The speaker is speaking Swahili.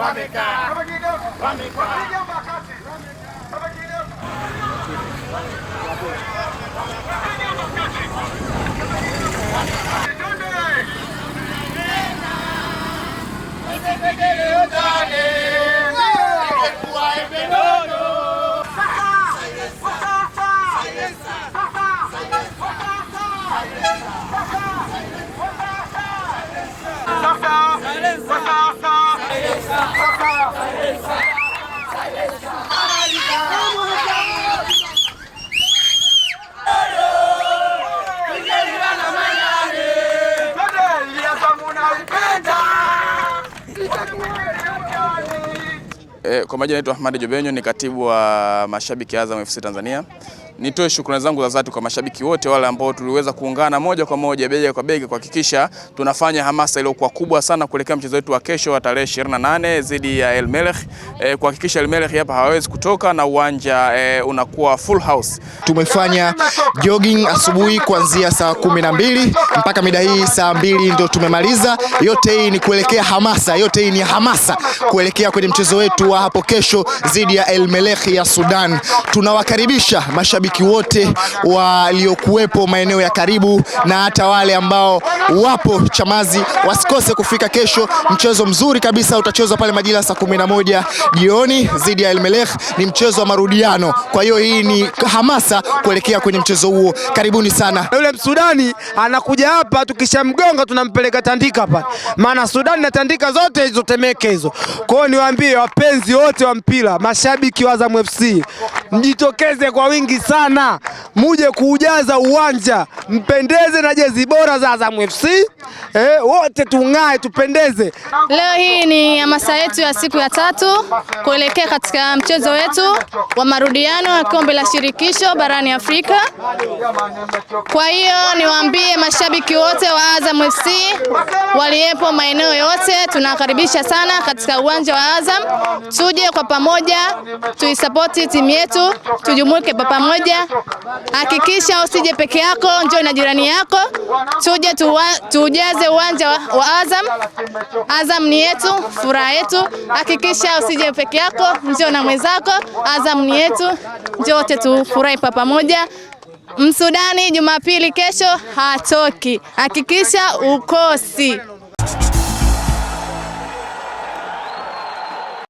Vamos cá! Vamos cá! Vamos cá! E, kwa majina naitwa Ahmad Jobenyo ni katibu wa mashabiki Azam FC Tanzania. Nitoe shukrani zangu za dhati kwa mashabiki wote wale ambao tuliweza kuungana moja kwa moja bega kwa bega kuhakikisha tunafanya hamasa iliyokuwa kubwa sana kuelekea mchezo wetu wa kesho wa tarehe 28 dhidi ya El Merreikh, E, kuhakikisha El Merreikh hapa hawawezi kutoka na uwanja e, unakuwa full house. Tumefanya jogging asubuhi kuanzia saa kumi na mbili mpaka mida hii saa mbili ndio tumemaliza. Yote hii ni kuelekea hamasa, yote hii ni hamasa kuelekea kwenye mchezo wetu wa hapo kesho dhidi ya El Merreikh ya Sudan. Tunawakaribisha mashabiki mashabiki wote waliokuwepo maeneo ya karibu na hata wale ambao wapo Chamazi wasikose kufika kesho. Mchezo mzuri kabisa utachezwa pale majira saa kumi na moja jioni dhidi ya Elmelech. Ni mchezo wa marudiano, kwa hiyo hii ni hamasa kuelekea kwenye mchezo huo. Karibuni sana. Na yule Msudani anakuja hapa, tukishamgonga tunampeleka Tandika hapa, maana Sudani na Tandika zote hizo Temeke hizo. Kwa hiyo niwaambie wapenzi wote wa mpira, mashabiki wa Azam FC mjitokeze kwa wingi sana, muje kuujaza uwanja, mpendeze na jezi bora za Azam FC. Eh, wote tung'ae, tupendeze. Leo hii ni hamasa yetu ya siku ya tatu kuelekea katika mchezo wetu wa marudiano ya kombe la shirikisho barani Afrika. Kwa hiyo niwaambie mashabiki wote wa Azam FC waliepo maeneo yote, tunakaribisha sana katika uwanja wa Azam, tuje kwa pamoja tuisapoti timu yetu yetu, tujumuike kwa pamoja. Hakikisha usije peke yako, njoo na jirani yako, tuje tujaze uwanja wa Azam. Azam ni yetu, furaha yetu. Hakikisha usije peke yako, njoo na mwenzako. Azam ni yetu, njoo wote tufurahi kwa pamoja. Msudani Jumapili kesho hatoki, hakikisha ukosi.